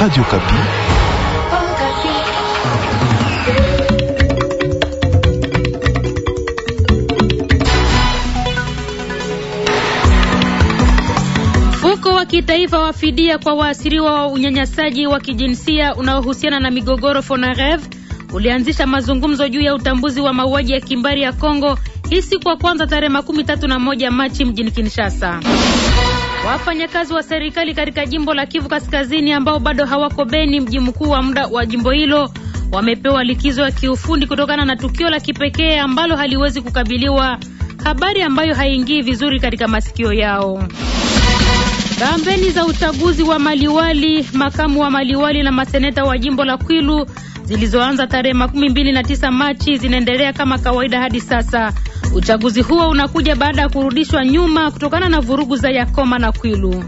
Radio Okapi. Mfuko wa kitaifa wa fidia kwa waasiriwa wa unyanyasaji wa kijinsia unaohusiana na migogoro Fonarev ulianzisha mazungumzo juu ya utambuzi wa mauaji ya kimbari ya Kongo hii siku ya kwanza tarehe makumi tatu na moja Machi mjini Kinshasa. Wafanyakazi wa serikali katika jimbo la Kivu Kaskazini ambao bado hawako Beni, mji mkuu wa muda wa jimbo hilo, wamepewa likizo ya kiufundi kutokana na tukio la kipekee ambalo haliwezi kukabiliwa, habari ambayo haingii vizuri katika masikio yao. Kampeni za uchaguzi wa maliwali, makamu wa maliwali na maseneta wa jimbo la Kwilu zilizoanza tarehe makumi mbili na tisa Machi zinaendelea kama kawaida hadi sasa. Uchaguzi huo unakuja baada ya kurudishwa nyuma kutokana na vurugu za Yakoma na Kwilu.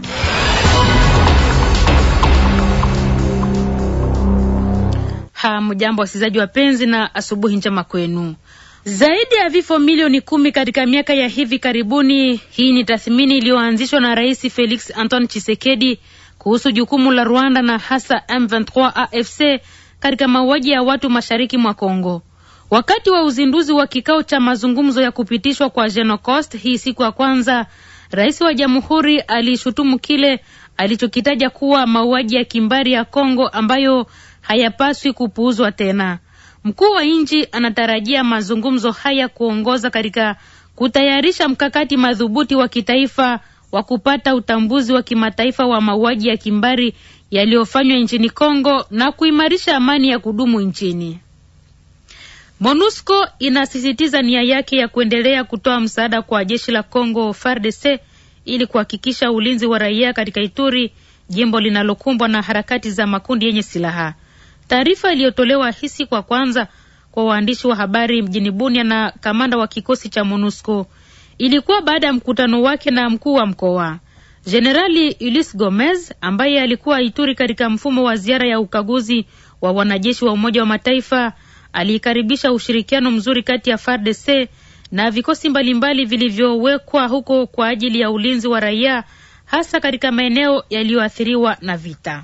Hamjambo wasikilizaji wapenzi, na asubuhi njema kwenu. Zaidi ya vifo milioni kumi katika miaka ya hivi karibuni. Hii ni tathmini iliyoanzishwa na Rais Felix Antoine chisekedi kuhusu jukumu la Rwanda na hasa M23 AFC katika mauaji ya watu mashariki mwa Kongo. Wakati wa uzinduzi wa kikao cha mazungumzo ya kupitishwa kwa Genocost hii siku ya kwanza, rais wa jamhuri alishutumu kile alichokitaja kuwa mauaji ya kimbari ya Kongo ambayo hayapaswi kupuuzwa tena. Mkuu wa nchi anatarajia mazungumzo haya kuongoza katika kutayarisha mkakati madhubuti wa kitaifa wa kupata utambuzi wa kimataifa wa mauaji ya kimbari yaliyofanywa nchini Kongo na kuimarisha amani ya kudumu nchini. MONUSCO inasisitiza nia yake ya kuendelea kutoa msaada kwa jeshi la Kongo FARDC ili kuhakikisha ulinzi wa raia katika Ituri, jimbo linalokumbwa na harakati za makundi yenye silaha. Taarifa iliyotolewa hisi kwa kwanza kwa waandishi wa habari mjini Bunia na kamanda wa kikosi cha MONUSCO ilikuwa baada ya mkutano wake na mkuu wa mkoa. Jenerali Ulis Gomez ambaye alikuwa Ituri katika mfumo wa ziara ya ukaguzi wa wanajeshi wa Umoja wa Mataifa aliikaribisha ushirikiano mzuri kati ya FARDC na vikosi mbalimbali vilivyowekwa huko kwa ajili ya ulinzi wa raia hasa katika maeneo yaliyoathiriwa na vita.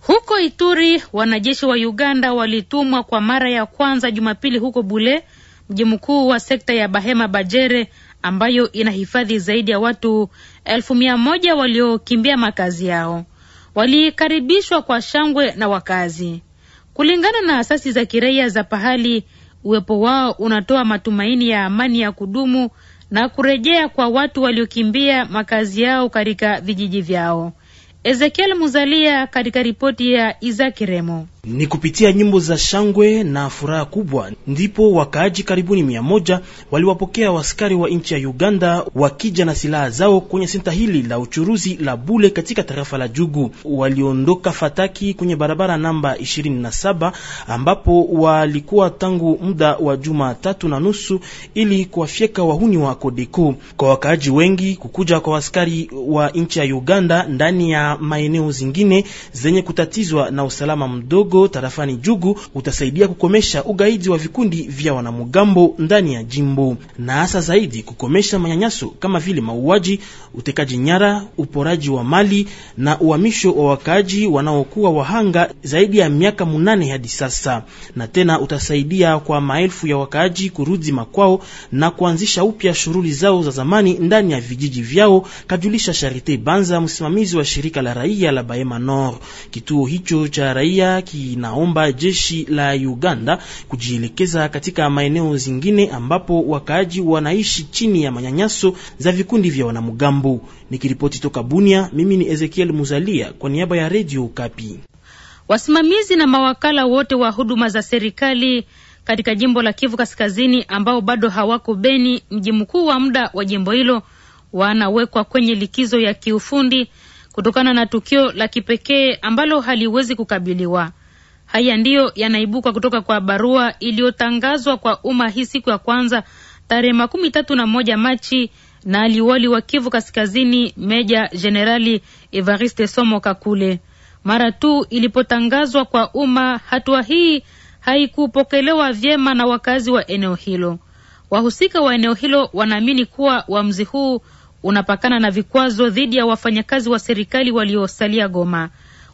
Huko Ituri, wanajeshi wa Uganda walitumwa kwa mara ya kwanza Jumapili huko Bule, mji mkuu wa sekta ya Bahema Bajere ambayo inahifadhi zaidi ya watu elfu mia moja waliokimbia makazi yao. Walikaribishwa kwa shangwe na wakazi. Kulingana na asasi za kiraia za pahali, uwepo wao unatoa matumaini ya amani ya kudumu na kurejea kwa watu waliokimbia makazi yao katika vijiji vyao. Ezekiel Muzalia katika ripoti ya Remo. Ni kupitia nyimbo za shangwe na furaha kubwa ndipo wakaaji karibuni mia moja waliwapokea waskari wa nchi ya Uganda wakija na silaha zao kwenye senta hili la uchuruzi la Bule katika tarafa la Jugu. Waliondoka Fataki kwenye barabara namba 27 ambapo walikuwa tangu muda wa juma tatu na nusu ili kuwafyeka wahuni wa Kodeko. Kwa wakaaji wengi, kukuja kwa waskari wa nchi ya Uganda ndani ya maeneo zingine zenye kutatizwa na usalama mdogo mdogo tarafani Jugu utasaidia kukomesha ugaidi wa vikundi vya wanamgambo ndani ya jimbo na hasa zaidi kukomesha manyanyaso kama vile mauaji, utekaji nyara, uporaji wa mali na uhamisho wa wakaaji wanaokuwa wahanga zaidi ya miaka munane hadi sasa, na tena utasaidia kwa maelfu ya wakaaji kurudi makwao na kuanzisha upya shughuli zao za zamani ndani ya vijiji vyao, kajulisha Charite Banza, msimamizi wa shirika la raia la Bahema Nord. Kituo hicho cha raia ki inaomba jeshi la Uganda kujielekeza katika maeneo zingine ambapo wakaaji wanaishi chini ya manyanyaso za vikundi vya wanamgambo. Nikiripoti toka Bunia, mimi ni Ezekiel Muzalia kwa niaba ya Radio Kapi. Wasimamizi na mawakala wote wa huduma za serikali katika jimbo la Kivu Kaskazini ambao bado hawako Beni, mji mkuu wa muda wa jimbo hilo, wanawekwa kwenye likizo ya kiufundi kutokana na tukio la kipekee ambalo haliwezi kukabiliwa. Haya ndiyo yanaibuka kutoka kwa barua iliyotangazwa kwa umma hii siku ya kwanza tarehe makumi tatu na moja Machi na aliwali wa Kivu Kaskazini, Meja Jenerali Evariste Somo Kakule. Mara tu ilipotangazwa kwa umma, hatua hii haikupokelewa vyema na wakazi wa eneo hilo. Wahusika wa eneo hilo wanaamini kuwa uamuzi huu unapakana na vikwazo dhidi ya wafanyakazi wa serikali waliosalia Goma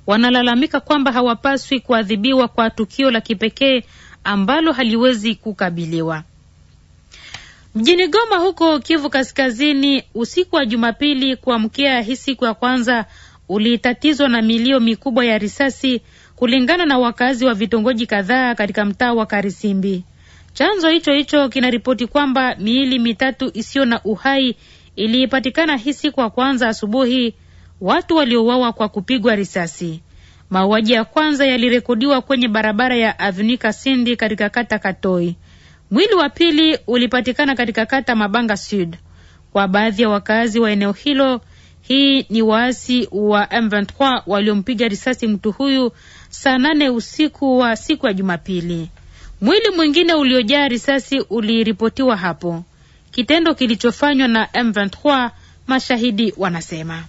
wanalalamika kwamba hawapaswi kuadhibiwa kwa tukio la kipekee ambalo haliwezi kukabiliwa. Mjini Goma huko Kivu Kaskazini, usiku wa Jumapili kuamkia hii siku ya kwanza ulitatizwa na milio mikubwa ya risasi, kulingana na wakazi wa vitongoji kadhaa katika mtaa wa Karisimbi. Chanzo hicho hicho kinaripoti kwamba miili mitatu isiyo na uhai iliipatikana hii siku ya kwanza asubuhi watu waliouawa kwa kupigwa risasi. Mauaji ya kwanza yalirekodiwa kwenye barabara ya avnika sindi katika kata Katoi. Mwili wa pili ulipatikana katika kata Mabanga Sud. Kwa baadhi ya wakazi wa eneo hilo, hii ni waasi wa M23 waliompiga risasi mtu huyu saa nane usiku wa siku ya Jumapili. Mwili mwingine uliojaa risasi uliripotiwa hapo, kitendo kilichofanywa na M23, mashahidi wanasema.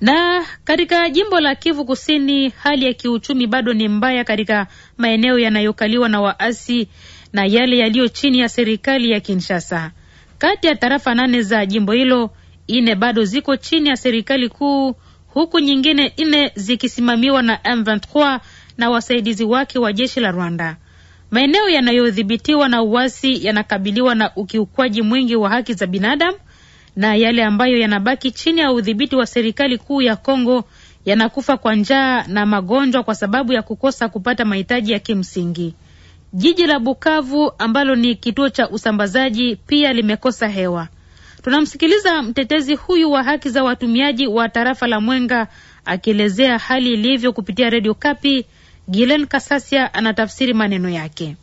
Na katika jimbo la Kivu Kusini, hali ya kiuchumi bado ni mbaya katika maeneo yanayokaliwa na waasi na yale yaliyo chini ya serikali ya Kinshasa. Kati ya tarafa nane za jimbo hilo, ine bado ziko chini ya serikali kuu, huku nyingine nne zikisimamiwa na M23 na wasaidizi wake wa jeshi la Rwanda. Maeneo yanayodhibitiwa na uasi yanakabiliwa na ukiukwaji mwingi wa haki za binadamu na yale ambayo yanabaki chini ya udhibiti wa serikali kuu ya Kongo yanakufa kwa njaa na magonjwa kwa sababu ya kukosa kupata mahitaji ya kimsingi. Jiji la Bukavu ambalo ni kituo cha usambazaji pia limekosa hewa. Tunamsikiliza mtetezi huyu wa haki za watumiaji wa tarafa la Mwenga akielezea hali ilivyo kupitia redio Kapi. Gilen Kasasia anatafsiri maneno yake.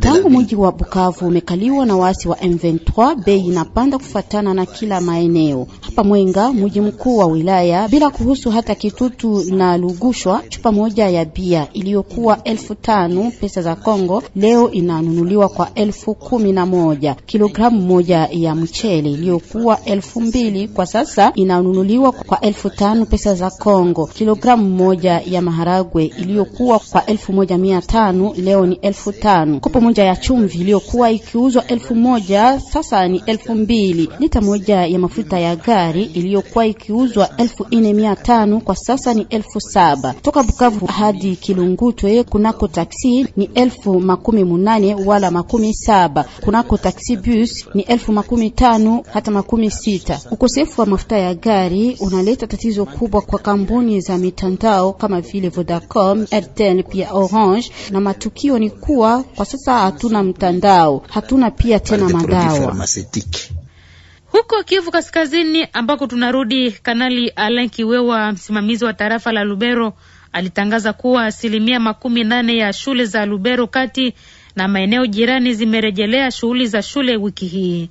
Tangu mji wa Bukavu umekaliwa na waasi wa M23, bei inapanda kufatana na kila maeneo. Hapa Mwenga, mji mkuu wa wilaya, bila kuhusu hata Kitutu na Lugushwa, chupa moja ya bia iliyokuwa elfu tano pesa za Kongo leo inanunuliwa kwa elfu kumi na moja. Kilogramu moja ya mchele iliyokuwa elfu mbili kwa sasa inanunuliwa kwa elfu tano pesa za Kongo. Kilogramu moja ya maharagwe iliyokuwa kwa elfu moja mia tano leo ni elfu tano. Kopo moja ya chumvi iliyokuwa ikiuzwa elfu moja sasa ni elfu mbili. Lita moja ya mafuta ya gari iliyokuwa ikiuzwa elfu nne mia tano kwa sasa ni elfu saba. Toka Bukavu hadi Kilungutwe kunako taksi ni elfu makumi munane wala makumi saba. Kunako taksi bus ni elfu makumi tano hata makumi sita. Ukosefu wa mafuta ya gari unaleta tatizo kubwa kwa kampuni za mitandao kama vile Vodacom, Airtel pia Orange na matukio ni kuwa kuwa kwa sasa hatuna mtandao, hatuna pia tena madawa huko Kivu Kaskazini ambako tunarudi. Kanali Alain Kiwewa, msimamizi wa tarafa la Lubero, alitangaza kuwa asilimia makumi nane ya shule za Lubero kati na maeneo jirani zimerejelea shughuli za shule wiki hii.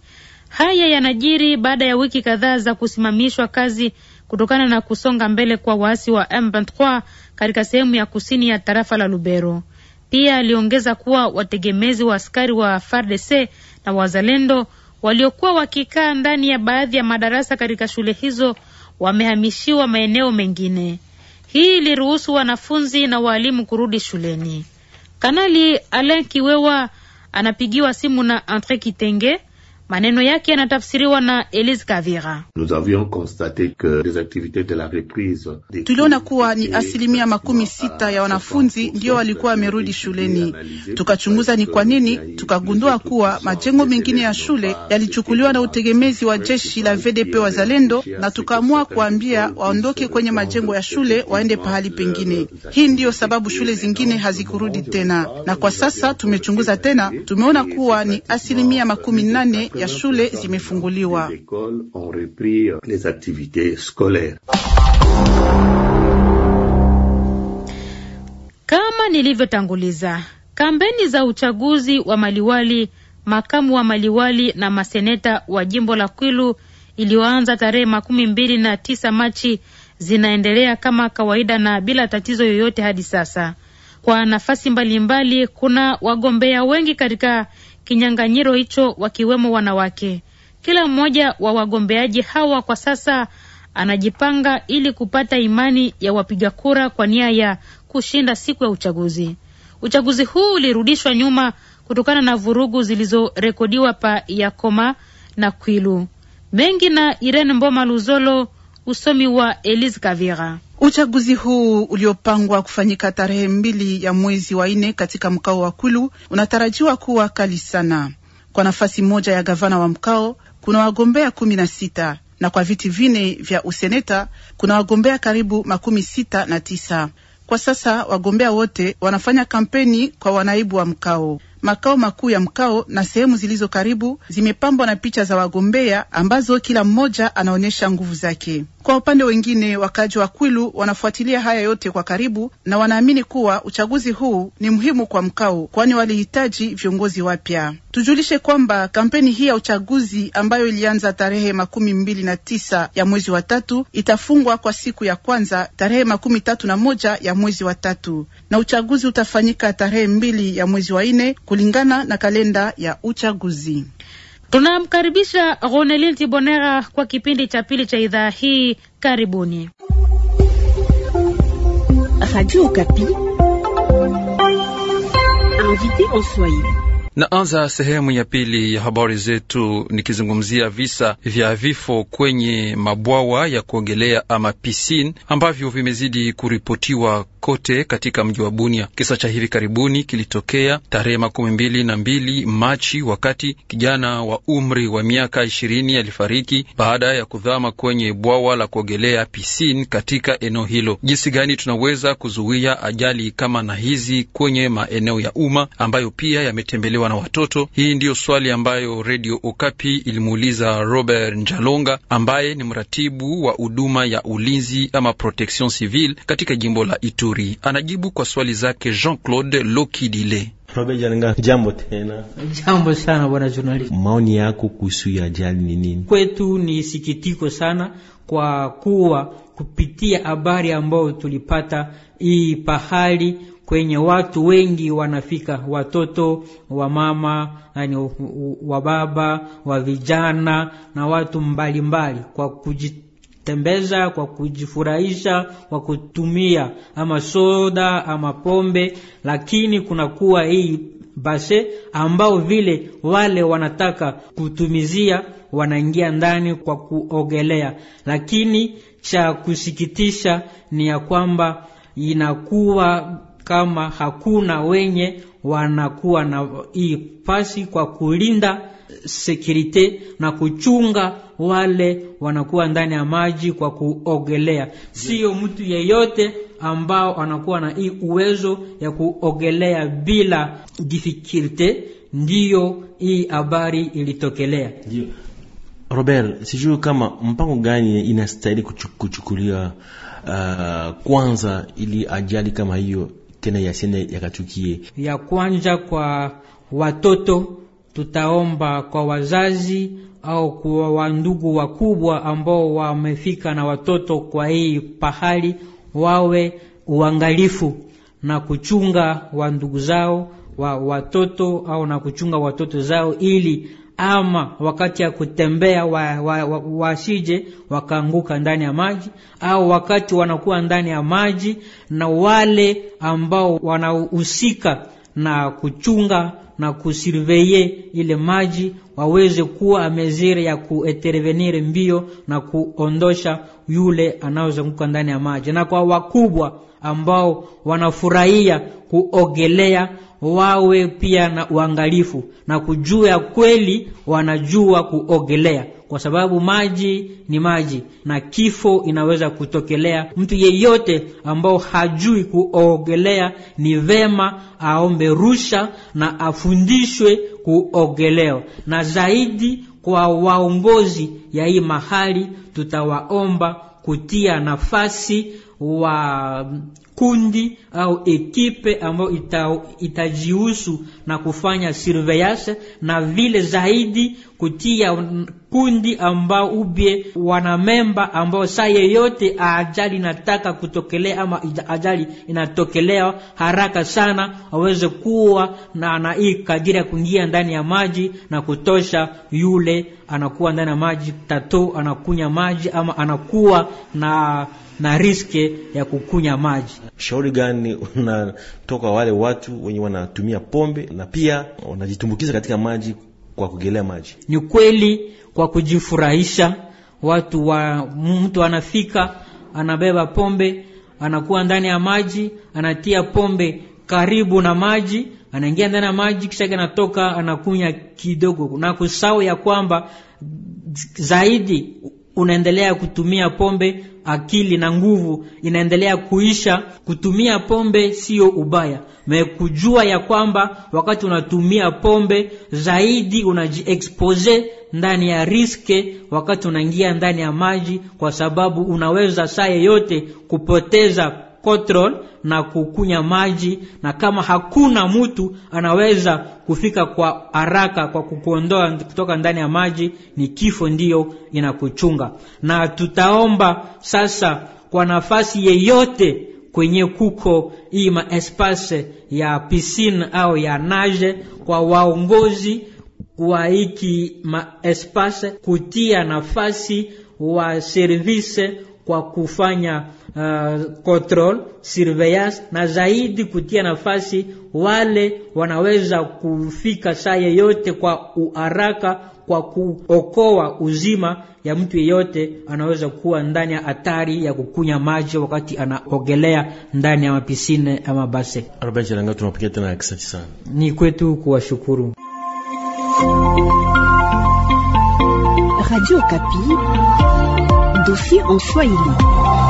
Haya yanajiri baada ya wiki kadhaa za kusimamishwa kazi kutokana na kusonga mbele kwa waasi wa M23 katika sehemu ya kusini ya tarafa la Lubero. Pia aliongeza kuwa wategemezi wa askari wa FARDC na wazalendo waliokuwa wakikaa ndani ya baadhi ya madarasa katika shule hizo wamehamishiwa maeneo mengine. Hii iliruhusu wanafunzi na waalimu kurudi shuleni. Kanali Alain Kiwewa anapigiwa simu na Andre Kitenge Maneno yake yanatafsiriwa na Elise Kavira. Tuliona kuwa ni asilimia makumi sita ya wanafunzi ndio walikuwa wamerudi shuleni. Tukachunguza ni kwa nini, tukagundua kuwa majengo mengine ya shule yalichukuliwa na utegemezi wa jeshi la VDP Wazalendo, na tukaamua kuambia waondoke kwenye majengo ya shule waende pahali pengine. Hii ndiyo sababu shule zingine hazikurudi tena, na kwa sasa tumechunguza tena, tumeona kuwa ni asilimia makumi nane ya shule zimefunguliwa. Euh, kama nilivyotanguliza, kampeni za uchaguzi wa maliwali, makamu wa maliwali na maseneta wa jimbo la Kwilu iliyoanza tarehe makumi mbili na tisa Machi zinaendelea kama kawaida na bila tatizo yoyote hadi sasa. Kwa nafasi mbalimbali mbali, kuna wagombea wengi katika kinyang'anyiro hicho wakiwemo wanawake. Kila mmoja wa wagombeaji hawa kwa sasa anajipanga ili kupata imani ya wapiga kura kwa nia ya kushinda siku ya uchaguzi. Uchaguzi huu ulirudishwa nyuma kutokana na vurugu zilizorekodiwa pa Yakoma na Kwilu. Mengi na Irene Mboma Luzolo, usomi wa Elise Kavira. Uchaguzi huu uliopangwa kufanyika tarehe mbili ya mwezi wa nne katika mkao wa Kwilu unatarajiwa kuwa kali sana. Kwa nafasi moja ya gavana wa mkao kuna wagombea kumi na sita na kwa viti vine vya useneta kuna wagombea karibu makumi sita na tisa. Kwa sasa wagombea wote wanafanya kampeni kwa wanaibu wa mkao. Makao makuu ya mkao na sehemu zilizo karibu zimepambwa na picha za wagombea ambazo kila mmoja anaonyesha nguvu zake. Kwa upande wengine, wakaaji wa Kwilu wanafuatilia haya yote kwa karibu na wanaamini kuwa uchaguzi huu ni muhimu kwa mkao, kwani walihitaji viongozi wapya. Tujulishe kwamba kampeni hii ya uchaguzi ambayo ilianza tarehe makumi mbili na tisa ya mwezi wa tatu itafungwa kwa siku ya kwanza tarehe makumi tatu na moja ya mwezi wa tatu na uchaguzi utafanyika tarehe mbili ya mwezi wa nne kulingana na kalenda ya uchaguzi. Tunamkaribisha Ronelin Tibonera kwa kipindi cha pili cha idhaa hii. Karibuni. Naanza sehemu ya pili ya habari zetu nikizungumzia visa vya vifo kwenye mabwawa ya kuogelea ama piscine ambavyo vimezidi kuripotiwa kote katika mji wa Bunia. Kisa cha hivi karibuni kilitokea tarehe makumi mbili na mbili Machi wakati kijana wa umri wa miaka ishirini alifariki baada ya kudhama kwenye bwawa la kuogelea piscine katika eneo hilo. Jinsi gani tunaweza kuzuia ajali kama na hizi kwenye maeneo ya umma ambayo pia yametembelewa na watoto? Hii ndiyo swali ambayo Radio Okapi ilimuuliza Robert Njalonga ambaye ni mratibu wa huduma ya ulinzi ama protection civile katika jimbo la Ituri vizuri, anajibu kwa swali zake Jean-Claude Lokidile. Jambo tena. Jambo sana bwana journalist. Maoni yako kuhusu ya ajali ni nini? Kwetu ni sikitiko sana kwa kuwa kupitia habari ambayo tulipata hii pahali kwenye watu wengi wanafika, watoto wa mama, yani wa baba, wa vijana na watu mbalimbali mbali, kwa kujit tembeza kwa kujifurahisha, kwa kutumia ama soda ama pombe, lakini kunakuwa hii base ambao vile wale wanataka kutumizia wanaingia ndani kwa kuogelea, lakini cha kusikitisha ni ya kwamba inakuwa kama hakuna wenye wanakuwa na hii pasi kwa kulinda sekirite na kuchunga wale wanakuwa ndani ya maji kwa kuogelea. Siyo mtu yeyote ambao anakuwa na hii uwezo ya kuogelea bila difikirte, ndiyo hii habari ilitokelea. Robert, sijui kama mpango gani inastahili kuchukuliwa uh, kwanza ili ajali kama hiyo tena ya sene yakatukie. Ya kwanza kwa watoto, tutaomba kwa wazazi au kwa wandugu wakubwa ambao wamefika na watoto kwa hii pahali, wawe uangalifu na kuchunga wandugu zao wa watoto au na kuchunga watoto zao ili ama wakati ya kutembea wasije wa, wa, wa wakaanguka ndani ya maji, au wakati wanakuwa ndani ya maji, na wale ambao wanahusika na kuchunga na kusurveye ile maji waweze kuwa amezire ya kuetervenir mbio na kuondosha yule anayozunguka ndani ya maji, na kwa wakubwa ambao wanafurahia kuogelea wawe pia na uangalifu na kujua kweli wanajua kuogelea, kwa sababu maji ni maji na kifo inaweza kutokelea mtu yeyote. Ambao hajui kuogelea, ni vema aombe rusha na afu wafundishwe kuogeleo na zaidi kwa waongozi ya hii mahali, tutawaomba kutia nafasi wa kundi au ekipe ambayo ita, itajihusu na kufanya surveillance na vile zaidi kutia kundi ambao wana wanamemba ambao saa yeyote ajali inataka kutokelea ama ajali inatokelea haraka sana waweze kuwa na, na hii kadiri ya kuingia ndani ya maji na kutosha yule anakuwa ndani ya maji tato anakunya maji ama anakuwa na na riske ya kukunya maji. Shauri gani unatoka wale watu wenye wanatumia pombe na pia wanajitumbukiza katika maji kwa kugelea maji? Ni kweli kwa kujifurahisha, watu wa mtu anafika anabeba pombe, anakuwa ndani ya maji, anatia pombe karibu na maji anaingia ndani ya maji kisha anatoka anakunya kidogo, na kusahau ya kwamba zaidi unaendelea kutumia pombe, akili na nguvu inaendelea kuisha. Kutumia pombe sio ubaya, mekujua ya kwamba wakati unatumia pombe zaidi unajiexpose ndani ya riske, wakati unaingia ndani ya maji, kwa sababu unaweza saa yeyote kupoteza control na kukunya maji, na kama hakuna mtu anaweza kufika kwa haraka kwa kukuondoa kutoka ndani ya maji, ni kifo ndiyo inakuchunga. Na tutaomba sasa kwa nafasi yeyote kwenye kuko hii maespase ya piscine au ya nage, kwa waongozi wa hiki maespase kutia nafasi wa service kwa kufanya uh, control surveillance na zaidi kutia nafasi wale wanaweza kufika saa yeyote kwa uharaka kwa kuokoa uzima ya mtu yeyote anaweza kuwa ndani ya hatari ya kukunya maji wakati anaogelea ndani ya mapisine ama base. Ni kwetu kuwashukuru Radio Kapi, en Swahili.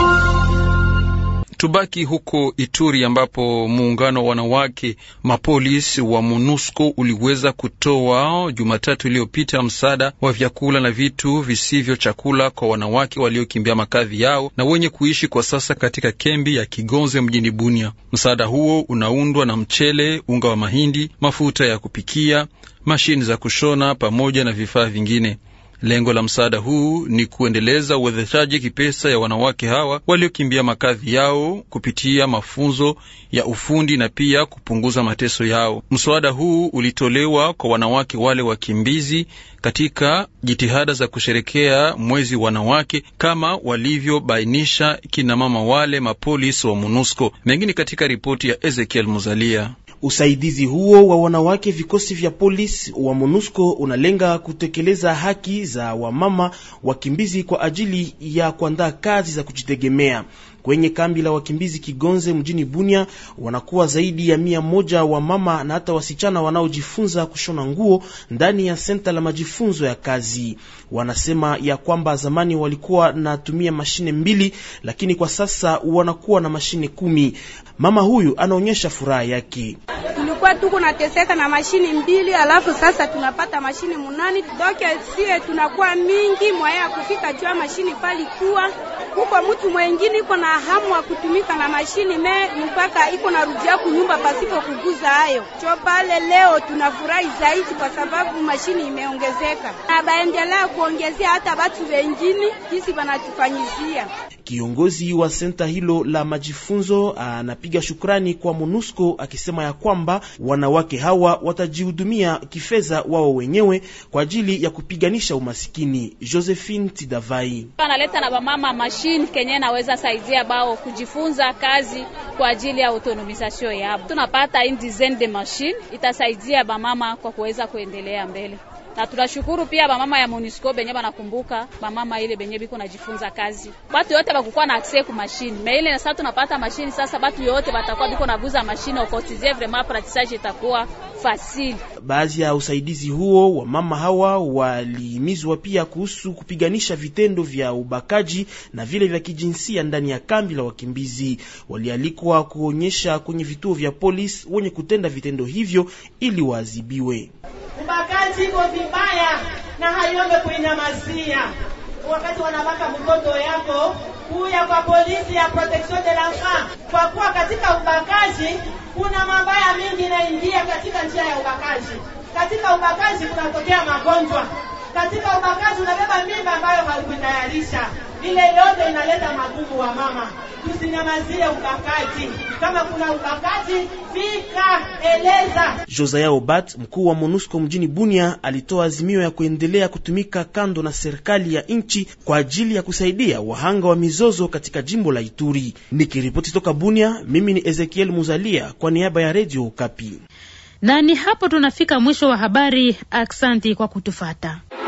Tubaki huko Ituri ambapo muungano wa wanawake mapolisi wa MONUSCO uliweza kutoa Jumatatu iliyopita msaada wa vyakula na vitu visivyo chakula kwa wanawake waliokimbia makazi yao na wenye kuishi kwa sasa katika kembi ya Kigonze mjini Bunia. Msaada huo unaundwa na mchele, unga wa mahindi, mafuta ya kupikia, mashini za kushona pamoja na vifaa vingine. Lengo la msaada huu ni kuendeleza uwezeshaji kipesa ya wanawake hawa waliokimbia makazi yao kupitia mafunzo ya ufundi na pia kupunguza mateso yao. Mswada huu ulitolewa kwa wanawake wale wakimbizi katika jitihada za kusherekea mwezi wanawake kama walivyobainisha kinamama wale mapolis wa MONUSCO. Mengine katika ripoti ya Ezekiel Muzalia. Usaidizi huo wa wanawake vikosi vya polisi wa MONUSCO unalenga kutekeleza haki za wamama wakimbizi kwa ajili ya kuandaa kazi za kujitegemea kwenye kambi la wakimbizi Kigonze mjini Bunia. Wanakuwa zaidi ya mia moja wa mama na hata wasichana wanaojifunza kushona nguo ndani ya senta la majifunzo ya kazi. Wanasema ya kwamba zamani walikuwa natumia mashine mbili, lakini kwa sasa wanakuwa na mashine kumi. Mama huyu anaonyesha furaha yake tulikuwa tuko nateseka na mashini mbili, alafu sasa tunapata mashini munani. Doke sie tunakuwa mingi mwaya ya kufika jua mashini palikuwa huko mtu mwengine iko na hamu ya kutumika na mashini me mpaka iko na rudia kunyumba pasipo kuguza hayo cho pale. Leo tunafurahi zaidi kwa sababu mashini imeongezeka na baendelea kuongezea hata batu wengine jinsi banatufanyizia Kiongozi wa senta hilo la majifunzo anapiga shukrani kwa MONUSCO akisema ya kwamba wanawake hawa watajihudumia kifedha wao wenyewe kwa ajili ya kupiganisha umasikini. Josephine Tidavai analeta na bamama mashine kenye naweza saidia bao kujifunza kazi kwa ajili ya autonomisation yabo. Tunapata indizen de machine itasaidia bamama kwa kuweza kuendelea mbele na tunashukuru pia bamama ya Monisco benye banakumbuka bamama ile benye biko najifunza kazi. Batu yote bakukuwa na access ku machine meile, sasa tunapata mashine sasa, batu yote batakuwa biko naguza mashine okotizie, vraiment pratisage itakuwa fasili. Baadhi ya usaidizi huo wa mama hawa walihimizwa pia kuhusu kupiganisha vitendo vya ubakaji na vile vya kijinsia ndani ya kambi la wakimbizi. Walialikwa kuonyesha kwenye vituo vya polisi wenye kutenda vitendo hivyo ili waadhibiwe. Ubakaji iko vibaya na haiombe kuinyamazia wakati wanamaka mtoto yako kuya kwa polisi ya protection de l'enfant, kwa kuwa katika ubakaji kuna mabaya mingi inaingia katika njia ya ubakaji. Katika ubakaji kunatokea magonjwa, katika wakati unabeba mimba ambayo haukutayarisha, ile yote inaleta magumu wa mama. Tusinyamazie ukakati, kama kuna ukakati fika, eleza. Josaya Obat, mkuu wa MONUSCO mjini Bunia, alitoa azimio ya kuendelea kutumika kando na serikali ya nchi kwa ajili ya kusaidia wahanga wa mizozo katika jimbo la Ituri. Nikiripoti toka Bunia, mimi ni Ezekiel Muzalia kwa niaba ya Radio ukapi Na ni hapo tunafika mwisho wa habari. Aksanti kwa kutufata.